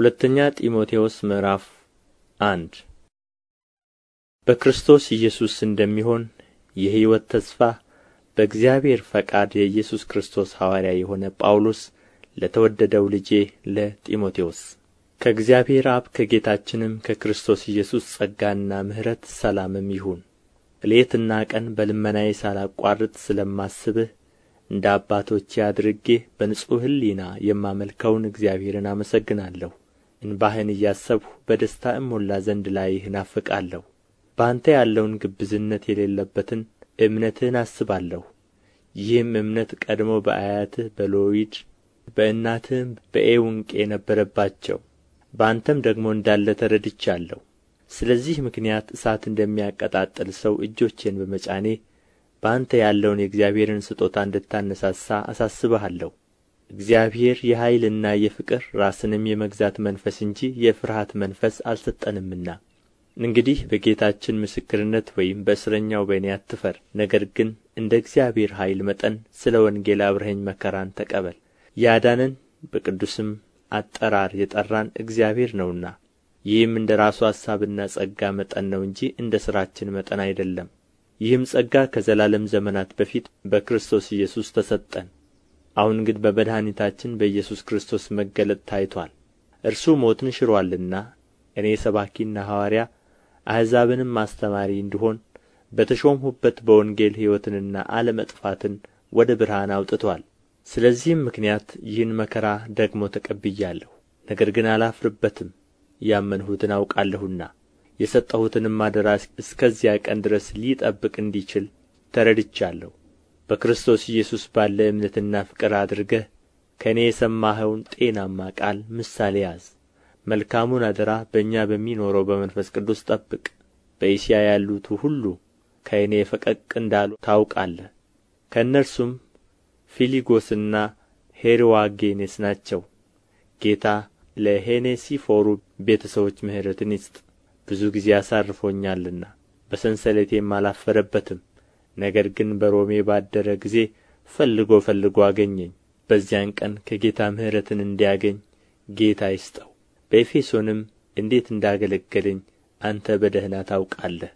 ሁለተኛ ጢሞቴዎስ ምዕራፍ አንድ በክርስቶስ ኢየሱስ እንደሚሆን የሕይወት ተስፋ በእግዚአብሔር ፈቃድ የኢየሱስ ክርስቶስ ሐዋርያ የሆነ ጳውሎስ ለተወደደው ልጄ ለጢሞቴዎስ ከእግዚአብሔር አብ ከጌታችንም ከክርስቶስ ኢየሱስ ጸጋና ምሕረት ሰላምም ይሁን። ሌትና ቀን በልመናዬ ሳላቋርጥ ስለማስብህ እንደ አባቶቼ አድርጌ በንጹሕ ሕሊና የማመልከውን እግዚአብሔርን አመሰግናለሁ። እንባህን እያሰብሁ በደስታ እሞላ ዘንድ ላይህ እናፍቃለሁ በአንተ ያለውን ግብዝነት የሌለበትን እምነትህን አስባለሁ ይህም እምነት ቀድሞ በአያትህ በሎይድ በእናትህም በኤውንቄ ነበረባቸው በአንተም ደግሞ እንዳለ ተረድቻለሁ ስለዚህ ምክንያት እሳት እንደሚያቀጣጥል ሰው እጆቼን በመጫኔ በአንተ ያለውን የእግዚአብሔርን ስጦታ እንድታነሳሳ አሳስብሃለሁ እግዚአብሔር የኃይልና የፍቅር ራስንም የመግዛት መንፈስ እንጂ የፍርሃት መንፈስ አልሰጠንምና እንግዲህ በጌታችን ምስክርነት ወይም በእስረኛው በእኔ አትፈር፣ ነገር ግን እንደ እግዚአብሔር ኃይል መጠን ስለ ወንጌል አብረኸኝ መከራን ተቀበል። ያዳነን በቅዱስም አጠራር የጠራን እግዚአብሔር ነውና፣ ይህም እንደ ራሱ ሐሳብና ጸጋ መጠን ነው እንጂ እንደ ሥራችን መጠን አይደለም። ይህም ጸጋ ከዘላለም ዘመናት በፊት በክርስቶስ ኢየሱስ ተሰጠን። አሁን ግን በመድኃኒታችን በኢየሱስ ክርስቶስ መገለጥ ታይቶአል እርሱ ሞትን ሽሮአልና እኔ ሰባኪና ሐዋርያ አሕዛብንም አስተማሪ እንድሆን በተሾምሁበት በወንጌል ሕይወትንና አለመጥፋትን ወደ ብርሃን አውጥቶአል ስለዚህም ምክንያት ይህን መከራ ደግሞ ተቀብያለሁ ነገር ግን አላፍርበትም ያመንሁትን አውቃለሁና የሰጠሁትንም አደራ እስከዚያ ቀን ድረስ ሊጠብቅ እንዲችል ተረድቻለሁ በክርስቶስ ኢየሱስ ባለ እምነትና ፍቅር አድርገህ ከእኔ የሰማኸውን ጤናማ ቃል ምሳሌ ያዝ መልካሙን አደራ በእኛ በሚኖረው በመንፈስ ቅዱስ ጠብቅ በእስያ ያሉቱ ሁሉ ከእኔ ፈቀቅ እንዳሉ ታውቃለህ ከእነርሱም ፊሊጎስና ሄርዋጌኔስ ናቸው ጌታ ለሄኔሲፎሩ ቤተ ሰዎች ምሕረትን ይስጥ ብዙ ጊዜ አሳርፎኛልና በሰንሰለቴም አላፈረበትም ነገር ግን በሮሜ ባደረ ጊዜ ፈልጎ ፈልጎ አገኘኝ በዚያን ቀን ከጌታ ምሕረትን እንዲያገኝ ጌታ ይስጠው በኤፌሶንም እንዴት እንዳገለገለኝ አንተ በደኅና ታውቃለህ